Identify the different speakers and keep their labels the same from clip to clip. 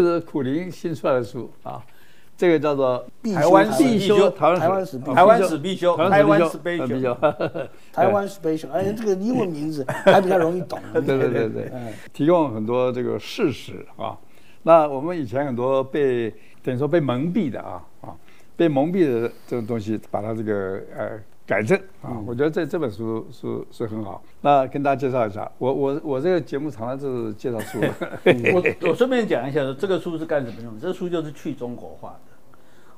Speaker 1: 這是苦苓新出來的書啊，這個叫做《台灣史必修》，台灣史、必修、台灣史必修、台灣史必修，台灣
Speaker 2: 史必修。而且這個英文名字還比較容易懂。對對對對，
Speaker 1: 提供很多這個事實啊。那我們以前很多被等於說被蒙蔽的啊啊，被蒙蔽的這種東西，把它這個呃。改正啊、嗯！我覺得這這本書是是很好。那跟大家介紹一下，我我我這個節目常常就是介紹書。嘿嘿嘿，我
Speaker 3: 我順便講一下，這個書是幹什麼用的？這個書就是去中國化的。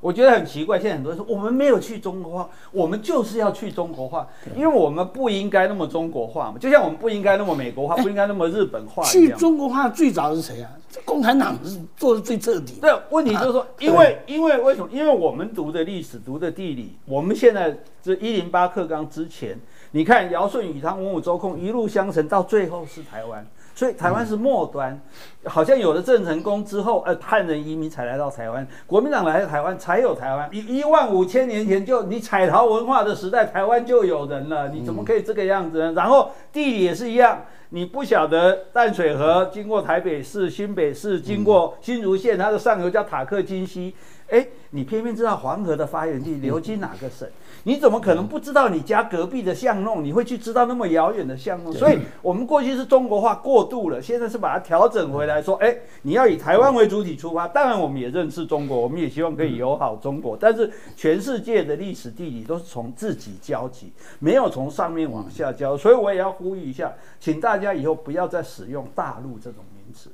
Speaker 3: 我覺得很奇怪，現在很多人說我們沒有去中國化，我們就是要去中國化，因為我們不應該那麼中國化嘛，就像我們不應該那麼美國化，不應該那麼日本化一樣、欸。去中
Speaker 2: 國化最早是誰啊？這共產黨是做的最徹底、
Speaker 3: 啊。對，問題就是說，因為、啊、因為為什麼？因為我們讀的歷史，讀的地理，我們現在這一零八課綱之前，你看堯舜禹湯文武周公一路相承，到最後是台灣。所以台灣是末端，嗯，好像有了鄭成功之後，呃，漢人移民才來到台灣，國民黨來到台灣才有台灣。一一萬五千年前就你彩陶文化的時代，台灣就有人了，你怎麼可以這個樣子呢？然後地理也是一樣。你不曉得淡水河經過台北市、新北市，經過新竹縣，它的上游叫塔克金溪。誒，你偏偏知道黃河的發源地流經哪個省？你怎麼可能不知道你家隔壁的巷弄？你會去知道那麼遙遠的巷弄？所以我們過去是中國化過度了，現在是把它調整回來，說：誒，你要以台灣為主體出發。當然，我們也認識中國，我們也希望可以友好中國。但是，全世界的歷史地理都是從自己交集，沒有從上面往下交。所以，我也要呼籲一下，請大家。大家以後不要再使用“大陸”這種名詞，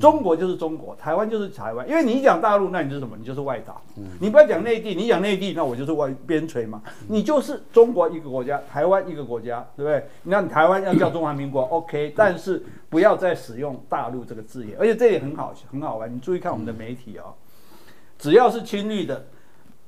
Speaker 3: 中國就是中國，台灣就是台灣。因為你講大陸，那你是什麼？你就是外島。你不要講內地，你講內地，那我就是外邊陲嘛。你就是中國一個國家，台灣一個國家，對不對？你看台灣要叫中華民國 ，OK。但是不要再使用“大陸”這個字眼，而且這也很好，很好玩。你注意看我們的媒體哦，只要是親綠的。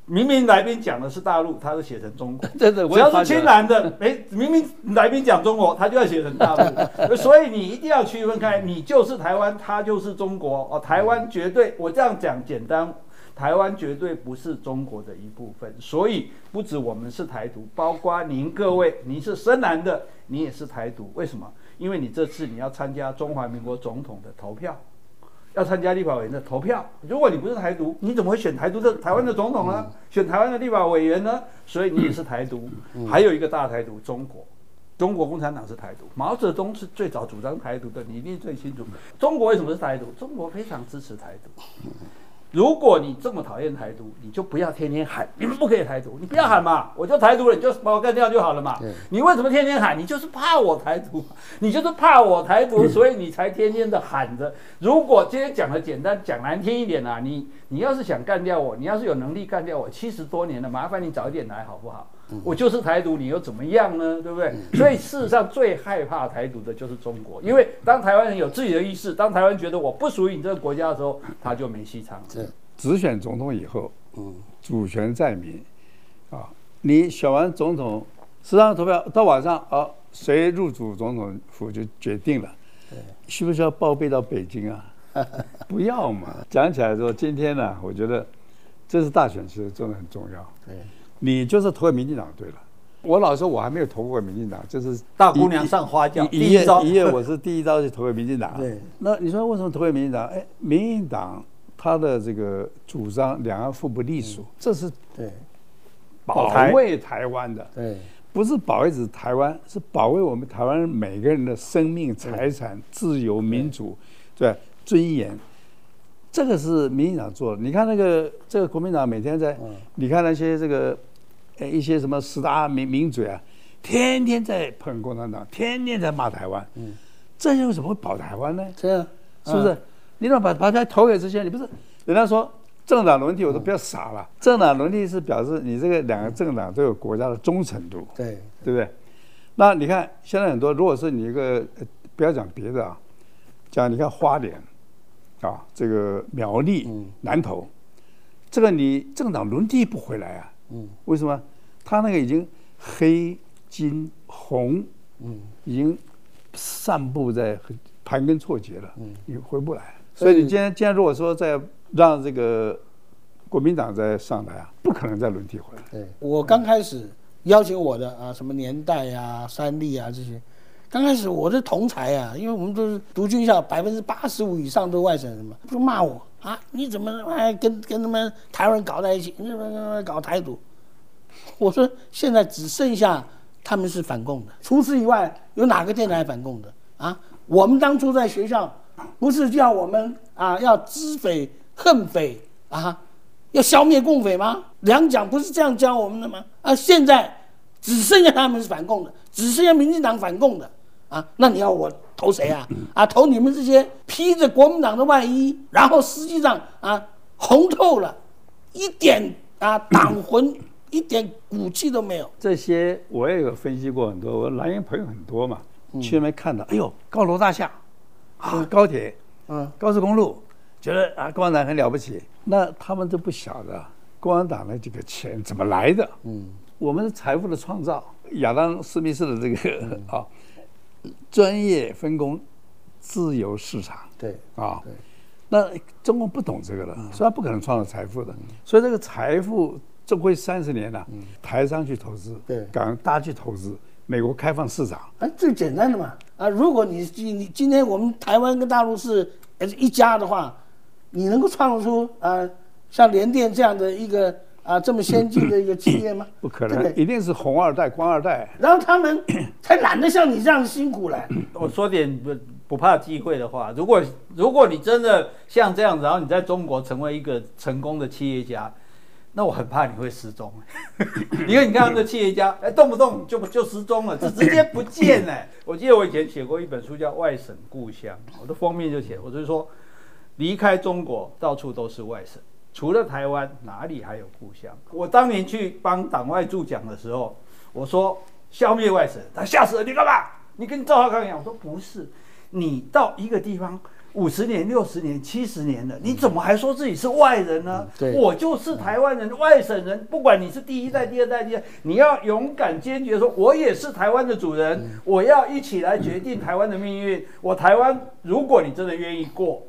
Speaker 3: 明明來賓講的是大陸，他都寫成中國。 真的，我要是親藍的， 明明來賓講中國，他就要寫成大陸。所以你一定要區分開，你就是台灣，他就是中國哦。台灣絕對，我這樣講簡單，台灣絕對不是中國的一部分。所以不止我們是台獨，包括您各位，您是深藍的，你也是台獨。為什麼？因為你這次你要參加中華民國總統的投票。要參加立法委員的投票，如果你不是台獨，你怎麼會選台獨的台灣的總統呢？啊？選台灣的立法委員呢？所以你也是台獨。還有一個大台獨，中國，中國共產黨是台獨，毛澤東是最早主張台獨的，你一定最清楚。中國為什麼是台獨？中國非常支持台獨。如果你這麼討厭台獨，你就不要天天喊，你們不可以台獨，你不要喊嘛，我就台獨了，你就把我幹掉就好了嘛。對你為什麼天天喊？你就是怕我台獨，你就是怕我台獨，所以你才天天的喊着。嗯、如果今天講的簡單，講難聽一點吶、啊，你你要是想幹掉我，你要是有能力幹掉我，七十多年了，麻煩你早一點來，好不好？我就是台獨，你又怎麼樣呢？對不對？嗯、所以事實上，最害怕台獨的就是中國。嗯、因為當台灣人有自己的意識，當台灣覺得我不屬於你這個國家的時候，他就沒戲唱了。
Speaker 1: 是只選總統以後，
Speaker 2: 嗯，
Speaker 1: 主權在民，啊，你選完總統，十三號投票到晚上，哦、啊，誰入主總統府就決定
Speaker 2: 了。
Speaker 1: 對，需不需要報備到北京啊？ 不要嘛。講起來說，今天呢、啊，我覺得，這次大選其實真的很重要。對。你就是投給民進黨對了，我老說我還沒有投過民進黨，就是大姑娘上花轎，以以一夜一夜，我是第一招就投給民進黨。 對，那你說為什麼投給民進黨？哎，民進黨他的這個主張兩岸互不隸屬，嗯、這是對
Speaker 2: 保衛
Speaker 1: 台灣的，對，對不是保衛只台灣，是保衛我們台灣每個人的生命、財產、自由、民主，對，對，對尊嚴。這個是民進黨做的。你看那個，這個國民黨每天在，你看那些這個，呃，一些什麼十大名名嘴啊，天天在捧共產黨，天天在罵台灣。嗯，這些為什麼會保台灣呢？這樣，是不是？你怎麼把把它投給這些？你不是人家說政黨輪替，我都不要傻了。政黨輪替是表示你這個兩個政黨都有國家的忠誠度。對，對不對？那你看現在很多，如果是你一個，不要講別的啊，講你看花蓮。啊，這個苗栗、南投，嗯、這個你政黨輪替不回來啊？
Speaker 3: 嗯，
Speaker 1: 為什麼？他那個已經黑、金、紅，嗯，已經散布在盤根錯節了，嗯，也回不來。所以，所以你今天，今天如果
Speaker 2: 說再讓這個國民黨再上來啊，不可能再輪替回來。對，我剛開始邀請我的啊，嗯、什麼年代啊，三立啊這些。剛開始我是同儕啊，因為我們都是讀軍校85，百分之八十五以上都是外省人嘛，就罵我啊！你怎麼還跟跟他們台灣人搞在一起？搞台獨？我說現在只剩下他們是反共的，除此以外有哪個電台反共的啊？我們當初在學校不是叫我們啊要知匪恨匪啊，要消滅共匪嗎？兩蔣不是這樣教我們的嗎？啊，現在只剩下他們是反共的，只剩下民進黨反共的。啊，那你要我投誰啊？啊，投你們這些披着國民黨的外衣，然後實際上啊，紅透了，一點啊黨魂，一
Speaker 1: 點骨氣都沒有。這些我也有分析過很多，我藍營朋友很多嘛，嗯、去那邊看到，哎呦，高樓大廈，啊，是高鐵，嗯，高速公路，覺得啊，共產黨很了不起。那他們都不曉得，共產黨的這個錢怎麼來的？嗯，我們財富的創造，亞當斯密斯的這個、嗯、啊。專業分工，自由市場，對，對啊，那中國不懂這個了，所以他不可能創造財富的。嗯、所以這個財富、啊，正規三十年了。台商去投資，對港大去投資，美國開放市場，
Speaker 2: 啊，最簡單的嘛。啊，如果你你今天我們台灣跟大陸是一家的話，你能夠創造出啊，像聯電這樣的一個。啊，這麼先進的一個企業嗎？
Speaker 3: 不
Speaker 1: 可能，對一定是紅二代、官二代。
Speaker 2: 然後他們才懶得像你這樣辛苦來。
Speaker 3: 我說點不不怕忌諱的話，如果如果你真的像這樣，然後你在中國成為一個成功的企業家，那我很怕你會失蹤。因 為你看，這企業家哎，動不動就就失蹤了，就直接不見了 我記得我以前寫過一本書叫《外省故鄉》，我的封面就寫，我就是說離開中國，到處都是外省。除了台灣，哪裡還有故鄉？我當年去幫黨外助講的時候，我說消滅外省，他嚇死了，你幹嘛？你跟趙少康講，我說不是。你到一個地方五十年、六十年、七十年了，你怎麼還說自己是外人呢？嗯、我就是台灣人，嗯、外省人，不管你是第一代、第二代、第三，你要勇敢、堅決說，我也是台灣的主人，嗯、我要一起來決定台灣的命運。嗯嗯嗯、我台灣，如果你真的願意過。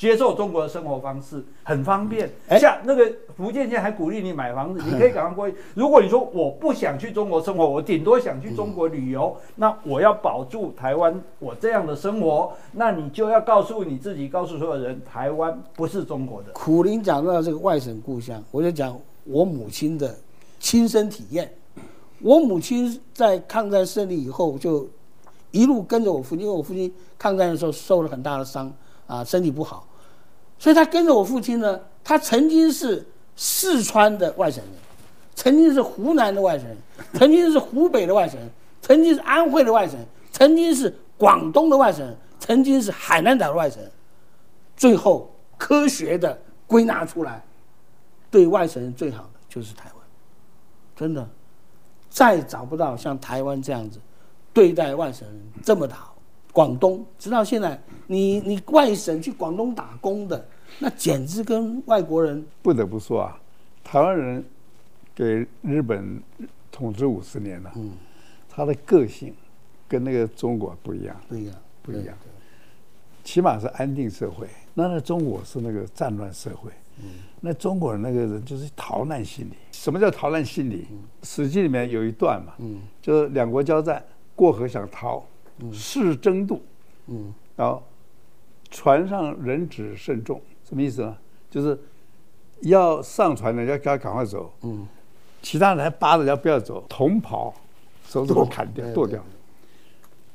Speaker 3: 接受中國的生活方式很方便，欸、像那個福建現在還鼓勵你買房子，哎、呀你可以趕快過去。如果你說我不想去中國生活，我頂多想去中國旅遊，嗯、那我要保住台灣，我這樣的生活，那你就要告訴你自己，告訴所有人，台灣不是
Speaker 2: 中國的。苦苓講到這個外省故鄉，我就講我母親的親身體驗。我母親在抗戰勝利以後，就一路跟着我父親，因為我父親抗戰的時候受了很大的傷啊，身體不好。所以他跟着我父親呢，他曾經是四川的外省人，曾經是湖南的外省人，曾經是湖北的外省人，曾經是安徽的外省人，曾經是廣東的外省人，曾經是海南島的外省人，最後科學的歸納出來，對外省人最好的就是台灣。真的，再找不到像台灣這樣子對待外省人這麼的好。廣東，直到現在，你你外省去廣東打工的，
Speaker 1: 那簡直跟外國人不得不說啊，台灣人給日本統治五十年了，啊，嗯、他的個性跟那個中國不一樣，嗯、不一樣，不一樣，起碼是安定社會，那那中國是那個戰亂社會，嗯、那中國人那個人就是逃難心理，什麼叫逃難心理？嗯、《史記》裡面有一段嘛，嗯，就是兩國交戰，過河想逃。是爭度。嗯，然後船上人只慎重，什麼意思呢？就是要上船的要給他趕快走，嗯，其他人還扒着不要走，同跑袍。手指頭砍掉剁，哦，掉，對對對，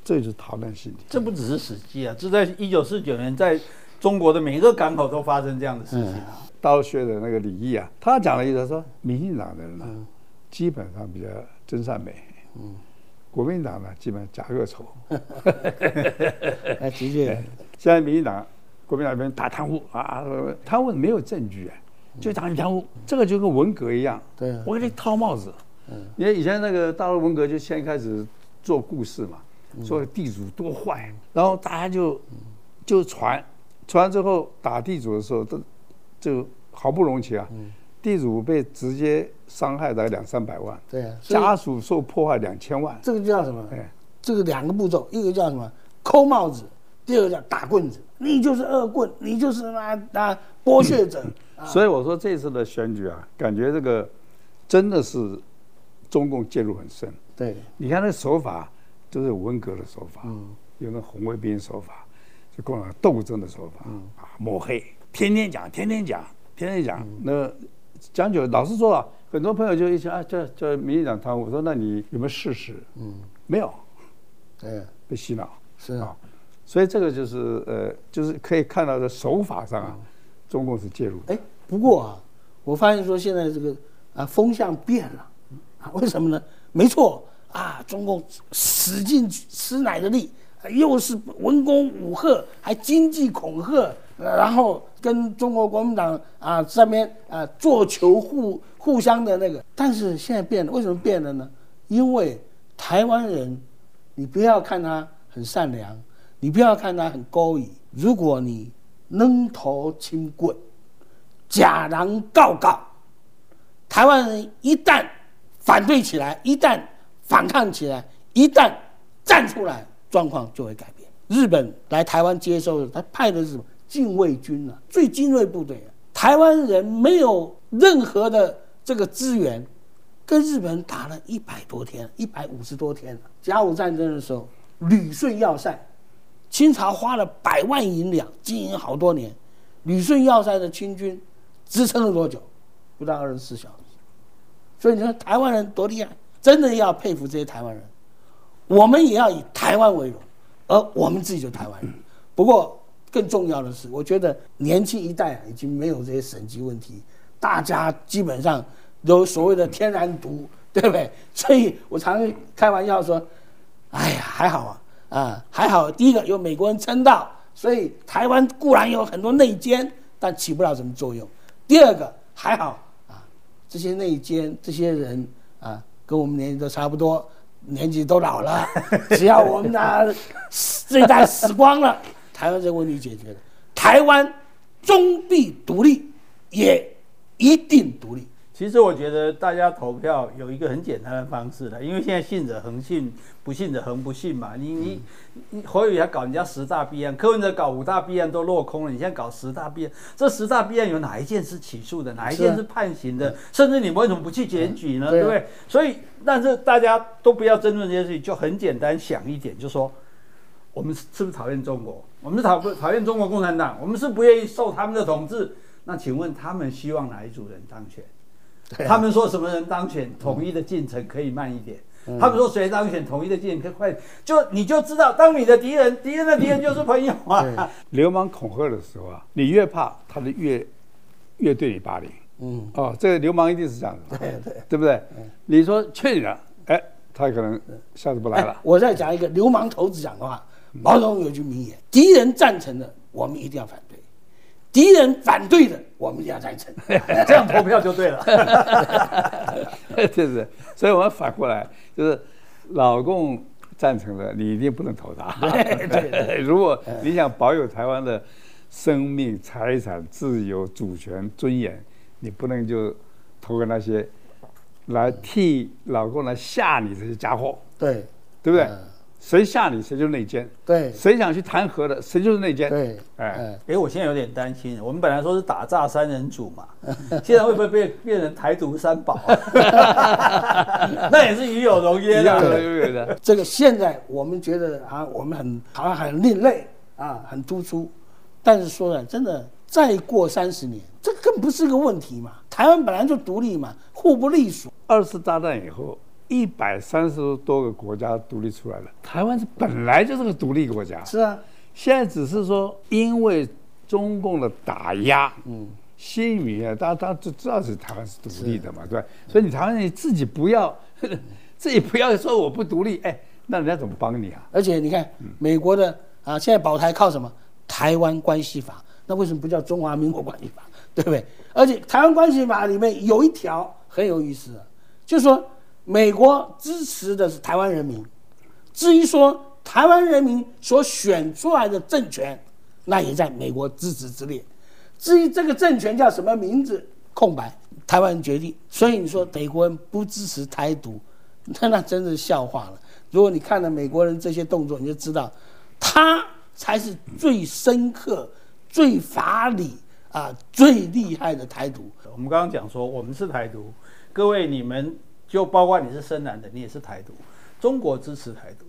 Speaker 1: 這就是逃難心理。這不只是《史
Speaker 3: 記》啊，這在一九四九年，在中國的每一個港口都發生這樣的
Speaker 1: 事情啊。道，嗯，學的那個李毅啊，他講的意思是說，民進黨的人呢，啊，嗯，基本上比較真善美，嗯。國民黨呢，基本上假惡醜
Speaker 2: 啊，
Speaker 1: 直接現在民進黨，國民黨那邊打貪污啊，貪污沒有證據哎，就打貪污，嗯、這個就跟文革一樣。對、嗯。我給你套帽子。嗯、因為以前那個大陸文革就先開始做故事嘛，嗯、說地主多壞，然後大家就，就傳，傳、嗯、之後打地主的時候都，就好不容易啊。嗯地主被直接傷害大概兩三百
Speaker 2: 萬，對、啊，家屬受破壞兩千萬，這個叫什麼？哎對，這個兩個步驟，一個叫什麼？扣帽子，第二個叫打棍子。你就是惡棍，你就是那那剝削者。嗯
Speaker 1: 啊、所以我說這次的選舉啊，感覺這個真的是中共介入很深。對的，你看那手法都、就是文革的手法，嗯，用那紅衛兵手法，就共產黨鬥爭的手法，嗯啊抹黑，天天講，天天講，天天講、嗯、那。講究，老實說、啊，很多朋友就一起啊，叫叫民進黨貪污，我說那你有沒有事實？嗯，沒有，哎、啊，被洗腦是啊，啊，所以這個就是呃，就是可以看到的手法上啊，嗯、中共是介入
Speaker 2: 的。哎，不過啊，我發現說現在這個啊風向變了，啊，為什麼呢？沒錯啊，中共使盡吃奶的力，又是文攻武嚇，還經濟恐嚇。然後跟中國國民黨啊這邊啊做球互互相的那個，但是現在變了，為什麼變了呢？因為台灣人，你不要看他很善良，你不要看他很勾引，如果你扔頭輕棍，假狼告告，台灣人一旦反對起來，一旦反抗起來，一旦站出來，狀況就會改變。日本來台灣接收，他派的日本。禁衛軍了、啊，最精銳部隊、啊、台灣人沒有任何的這個資源，跟日本人打了一百多天，一百五十多天啊，甲午戰爭的時候，旅順要塞，清朝花了百萬銀兩經營好多年，旅順要塞的清軍支撐了多久？不到二十四小時。所以你說台灣人多厲害，真的要佩服這些台灣人。我們也要以台灣為榮，而我們自己就台灣人。不過。更重要的是，我覺得年輕一代已經沒有這些省籍問題，大家基本上有所謂的天然獨，對不對？所以我常開玩笑說，哎呀，還好啊，啊，還好。第一個有美國人撐到，所以台灣固然有很多內奸，但起不了什麼作用。第二個還好啊，這些內奸這些人啊，跟我們年紀都差不多，年紀都老了，只要我們那這一代死光了.。 台灣這個問題解決了，台灣終必獨立，也一定獨立。其實我覺得大家投票有一
Speaker 3: 個很簡單的方式的，因為現在信者恆信，不信者恆不信嘛。你、嗯、你，侯友宜搞人家十大弊案，柯文哲搞五大弊案都落空了，你現在搞十大弊案，這十大弊案有哪一件是起訴的，哪一件是判刑的？啊、嗯、甚至你們為什麼不去檢舉呢？嗯嗯對，啊、對不對？所以，但是大家都不要爭論這些事情，就很簡單想一點，就說我們是不是討厭中國？我們是討不討厭中國共產黨？我們是不願意受他們的統治。那請問他們希望哪一組人當選？
Speaker 2: 啊、他們
Speaker 3: 說什麼人當選？嗯、統一的進程可以慢一點。嗯、他們說誰當選，統一的進程可以快一點。就你就知道，當你的敵人，敵人的敵人就是朋友
Speaker 1: 啊。嗯嗯、流氓恐嚇的時候啊，你越怕他就越越對你霸凌。嗯。哦，這個流氓一定是這樣子對。對對。對不對？對你說勸你了、欸，他可能下次不來了。欸、
Speaker 2: 我再講一個流氓頭子講的話。毛澤東有句名言：“敵人贊成的，我們一定要反對；敵人反對的，我們一定要贊成。 這樣投票就對了。 ”
Speaker 1: 對不 對，所以我們反過來就是，老共贊成的，你一定不能投他。對，對，對 如果你想保有台灣的生命、財產、自由、主權、尊嚴，你不能就投給那些來替老共來嚇你這些家伙。
Speaker 2: 對，
Speaker 1: 對不對？嗯誰嚇你，誰就內奸。
Speaker 2: 對，
Speaker 3: 誰想去彈劾的，誰就是內奸。對，哎，哎，我現在有點擔心。我們本來說是打詐三人組嘛，現在會不會變變成台獨三寶？
Speaker 2: 那也是與
Speaker 3: 有榮焉。的，
Speaker 2: 這個現在我們覺得啊，我們很好像很另類啊，很突出。但是說來真的，再過三十年，這更不是個問題嘛。台灣本來就獨立嘛，互不隸屬。二次大戰
Speaker 1: 以後。一百三十多個國家獨立出來了。台灣是本來就是個獨立國家，是啊。現在只是說，因為中共的打壓，嗯，心語啊，大家都知道是台灣是獨立的嘛，是對吧？所以你台灣你自己不要
Speaker 2: 自己不要說我不獨立，哎，那人家怎麼幫你啊？而且你看，美國的、嗯、啊，現在保台靠什麼？台灣關係法。那為什麼不叫中華民國關係法？對不對？而且台灣關係法裡面有一條很有意思，就是說。美國支持的是台灣人民，至於說台灣人民所選出來的政權，那也在美國支持之列。至於這個政權叫什麼名字，空白，台灣決定。所以你說美國人不支持台獨，嗯、那那真的是笑話了。如果你看了美國人這些動作，你就知道，他才是最深刻、嗯、最法理啊、
Speaker 3: 最厲害的台獨。我們剛剛講說，我們是台獨，各位你們。就包括你是深藍的，你也是台獨，中國支持台獨，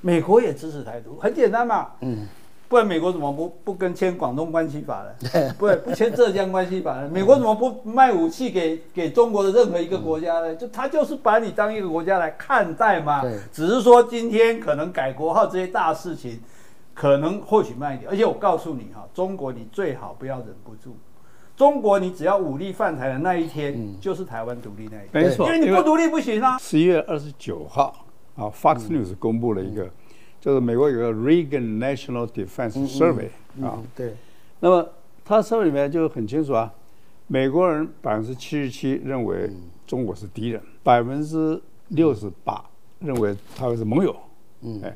Speaker 3: 美國也支持台獨，很簡單嘛。嗯，不然美國怎麼不不跟簽廣東關係法呢？對不然不簽浙江關係法呢？嗯、美國怎麼不賣武器給給中國的任何一個國家呢？嗯、就他就是把你當一個國家來看待嘛。對只是說今天可能改國號這些大事情，可能或許慢一點。而且我告訴你哈、啊，中國你最好不要忍不住，中國，你只要武力犯台的那一天，嗯、就是台灣獨立那一天。沒錯錯，因為你為不獨立不行
Speaker 1: 啊。十一月二十九號，啊，Fox News 公布了一個，嗯嗯、就是美國有個 Reagan National Defense Survey、嗯嗯、啊、嗯。對。那麼他 survey 裡面就很清楚啊，美國人百分之七十七認為中國是敵人，百分之六十八認為他們是盟友。嗯。哎，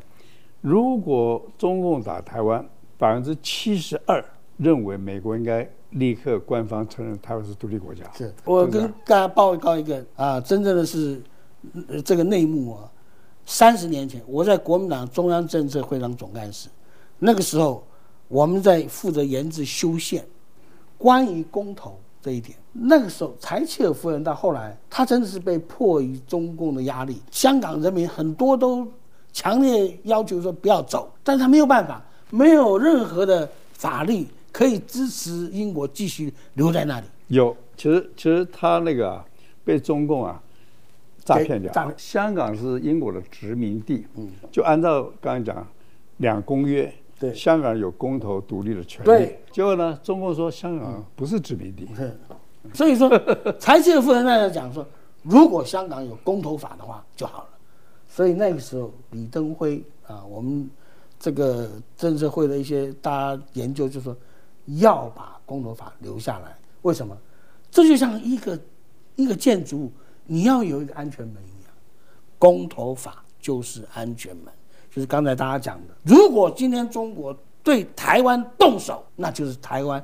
Speaker 1: 如果中共打台灣，百分之七十二認為美國應該。立刻官方承認台灣是獨
Speaker 2: 立國家是。是我跟大家報告一個啊，真正的是這個內幕啊。三十年前，我在國民黨中央政策會當總幹事，那個時候我們在負責研制修憲，關於公投這一點。那個時候，柴契爾夫人到後來，她真的是被迫於中共的壓力。香港人民很多都強烈要求說不要走，但是她沒有辦法，沒有任何的法律，可以支持英國繼續留在那裡。有，其實其實他那個、啊、被中共啊詐騙掉。
Speaker 1: 香港是英國的殖民地，嗯，就按照剛才講兩公約，對，香港有公投獨立的權利。對，
Speaker 2: 結果呢，中共說香港不是殖民
Speaker 1: 地。對嗯、是
Speaker 2: 所以說，財經的負責人講說， 如果香港有公投法的話就好了。所以那個時候，李登輝啊，我們這個政治會的一些大家研究就說。要把公投法留下來，為什麼？這就像一個一個建築物，你要有一個安全門一樣。公投法就是安全門，就是剛才大家講的，如果今天中國對台灣動手，那就是台灣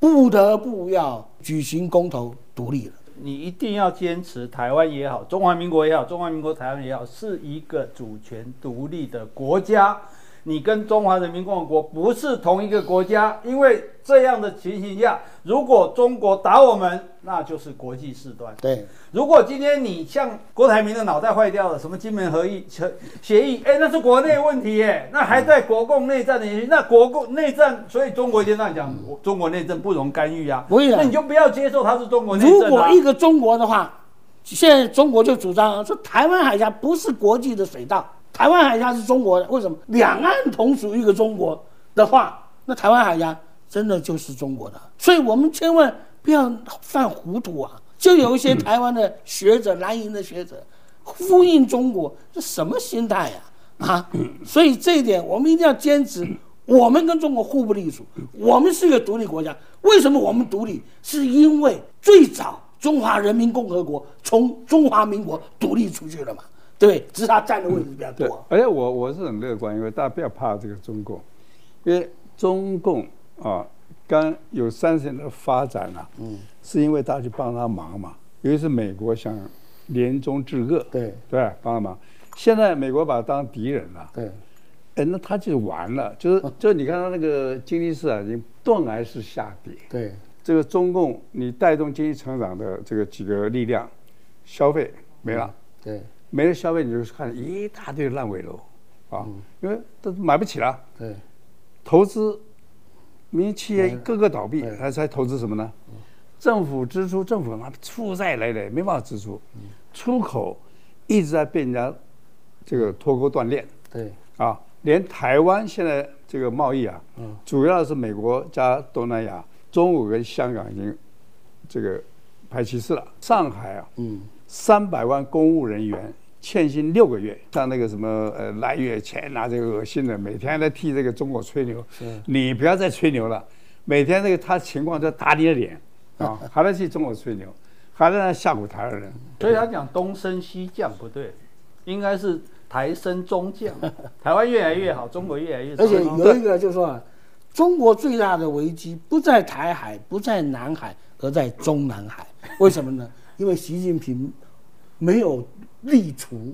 Speaker 2: 不得不要舉行公投獨立了。
Speaker 3: 你一定要堅持台灣也好，中華民國也好，中華民國台灣也好，是一個主權獨立的國家。你跟中華人民共和國不是同一個國家，因為這樣的情形下，如果中國打我們，那就是國際事端。對，如果今天你像郭台銘的腦袋壞掉了，什麼金門合議協議，哎、欸，那是國內問題，哎，那還在國共內戰的那國共內戰，所以中國先這樣講，中國內政不容干預啊。那你就不要接受他是中國內政、啊。如果一
Speaker 2: 個中國的話，現在中國就主張說台灣海峽不是國際的水道。台灣海峽是中國的，為什麼？兩岸同屬一個中國的話，那台灣海峽真的就是中國的。所以我們千萬不要犯糊塗啊！就有一些台灣的學者、嗯、藍營的學者呼應中國，這什麼心態呀、啊？啊！所以這一點我們一定要堅持。我們跟中國互不隸屬，我們是一個獨立國家。為什麼我們獨立？是因為最早中華人民共和國從中華民國獨立出去了嘛？對，
Speaker 1: 只是他站的位置比較多。哎、嗯，而且我我是很樂觀，因為大家不要怕這個中共，因為中共啊，剛有三十年的發展吶、啊，嗯，是因為大家去幫他忙嘛，尤其是美國想聯中制俄，對對，幫他忙。現在美國把他當敵人了、啊，對，哎，那他就完了，就是就是你看他那個經濟市場已經斷崖式下跌，對、嗯，這個中共你帶動經濟成長的這個幾個力量，消費沒了，嗯、對。沒人消費，你就看一大堆爛尾樓，啊，因為都買不起了。對，投資，民營企業一個個倒閉，還才投資什麼呢？政府支出，政府他媽的負債累累，沒辦法支出。嗯，出口一直在被人家這個脫鈎斷鏈。
Speaker 2: 對，
Speaker 1: 啊，連台灣現在這個貿易啊，主要是美國加東南亞，中國跟香港已經這個排其次了。上海啊。嗯。三百萬公務人員欠薪六個月，像那個什麼呃賴岳謙、啊、這個噁心的，每天在替這個中國吹牛，你不要再吹牛了，每天那個他情況在打你的臉啊，還在替中國吹牛，還在那嚇唬台灣人。 嗯、
Speaker 3: 所以他講東升西降不對，應該是台升中降，台灣越來越好，中國越來越。嗯、而且有一個
Speaker 2: 就是說、啊，中國最大的危機不在台海，不在南海，而在中南海。為什麼呢？ 因為習近平沒有立儲，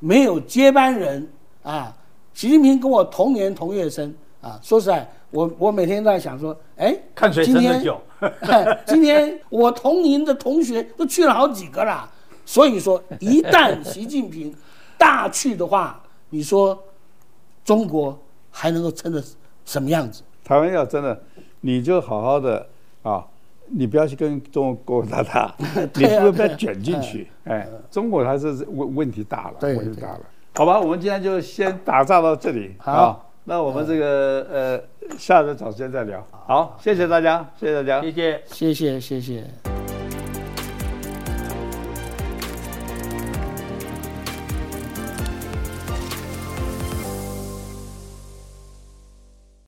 Speaker 2: 沒有接班人啊！習近平跟我同年同月生啊！說實在，我我每天都在想說，哎，看誰生的久。今天， 今天我同齡的同學都去了好幾個了，所以說一旦習近平大去的話， 你說中國還能夠撐得什麼樣子？台灣要真的，你就好好的啊。
Speaker 1: 你不要去跟中國勾勾搭搭，你是不是被捲進去？哎，中國還是問問題大了，問題大了。好吧，我們今天就先打詐到這裡。好，那我們這個呃，下次找時間再聊。好，謝謝大家，謝謝大家，謝謝，謝
Speaker 2: 謝，謝謝。